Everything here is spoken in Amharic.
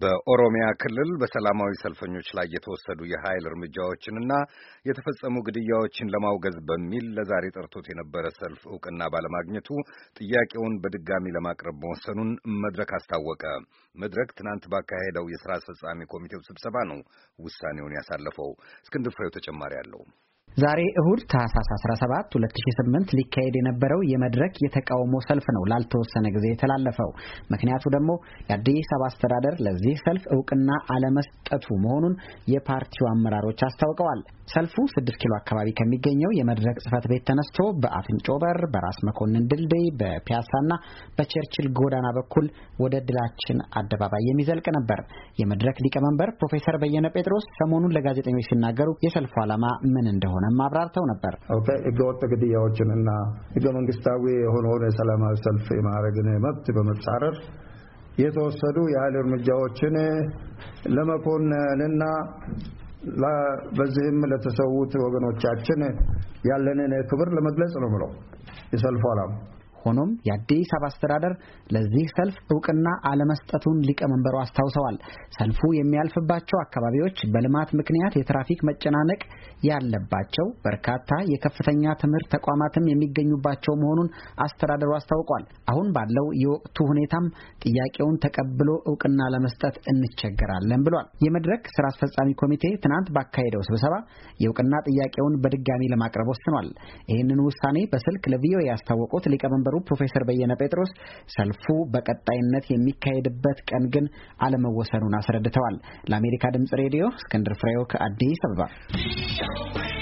በኦሮሚያ ክልል በሰላማዊ ሰልፈኞች ላይ የተወሰዱ የኃይል እርምጃዎችንና የተፈጸሙ ግድያዎችን ለማውገዝ በሚል ለዛሬ ጠርቶት የነበረ ሰልፍ እውቅና ባለማግኘቱ ጥያቄውን በድጋሚ ለማቅረብ መወሰኑን መድረክ አስታወቀ። መድረክ ትናንት ባካሄደው የሥራ አስፈጻሚ ኮሚቴው ስብሰባ ነው ውሳኔውን ያሳለፈው። እስክንድር ፍሬው ተጨማሪ አለው። ዛሬ እሁድ ታህሳስ 17 2008 ሊካሄድ የነበረው የመድረክ የተቃውሞ ሰልፍ ነው ላልተወሰነ ጊዜ የተላለፈው። ምክንያቱ ደግሞ የአዲስ አበባ አስተዳደር ለዚህ ሰልፍ እውቅና አለመስጠቱ መሆኑን የፓርቲው አመራሮች አስታውቀዋል። ሰልፉ ስድስት ኪሎ አካባቢ ከሚገኘው የመድረክ ጽህፈት ቤት ተነስቶ በአፍንጮ በር፣ በራስ መኮንን ድልድይ፣ በፒያሳና በቸርችል ጎዳና በኩል ወደ ድላችን አደባባይ የሚዘልቅ ነበር። የመድረክ ሊቀመንበር ፕሮፌሰር በየነ ጴጥሮስ ሰሞኑን ለጋዜጠኞች ሲናገሩ የሰልፉ ዓላማ ምን እንደሆነ እንደሆነም አብራርተው ነበር። ህገወጥ ግድያዎችን እና ህገ መንግስታዊ የሆነውን የሰላማዊ ሰልፍ የማድረግን መብት በመጻረር የተወሰዱ የኃይል እርምጃዎችን ለመኮንንና በዚህም ለተሰዉት ወገኖቻችን ያለንን ክብር ለመግለጽ ነው ምለው የሰልፉ ዓላማ ሆኖም የአዲስ አበባ አስተዳደር ለዚህ ሰልፍ እውቅና አለመስጠቱን ሊቀመንበሩ አስታውሰዋል። ሰልፉ የሚያልፍባቸው አካባቢዎች በልማት ምክንያት የትራፊክ መጨናነቅ ያለባቸው፣ በርካታ የከፍተኛ ትምህርት ተቋማትም የሚገኙባቸው መሆኑን አስተዳደሩ አስታውቋል። አሁን ባለው የወቅቱ ሁኔታም ጥያቄውን ተቀብሎ እውቅና ለመስጠት እንቸገራለን ብሏል። የመድረክ ስራ አስፈጻሚ ኮሚቴ ትናንት ባካሄደው ስብሰባ የእውቅና ጥያቄውን በድጋሚ ለማቅረብ ወስኗል። ይህንን ውሳኔ በስልክ ለቪኦኤ ያስታወቁት ሊቀመንበሩ ፕሮፌሰር በየነ ጴጥሮስ ሰልፉ በቀጣይነት የሚካሄድበት ቀን ግን አለመወሰኑን አስረድተዋል። ለአሜሪካ ድምጽ ሬዲዮ እስክንድር ፍሬው ከአዲስ አበባ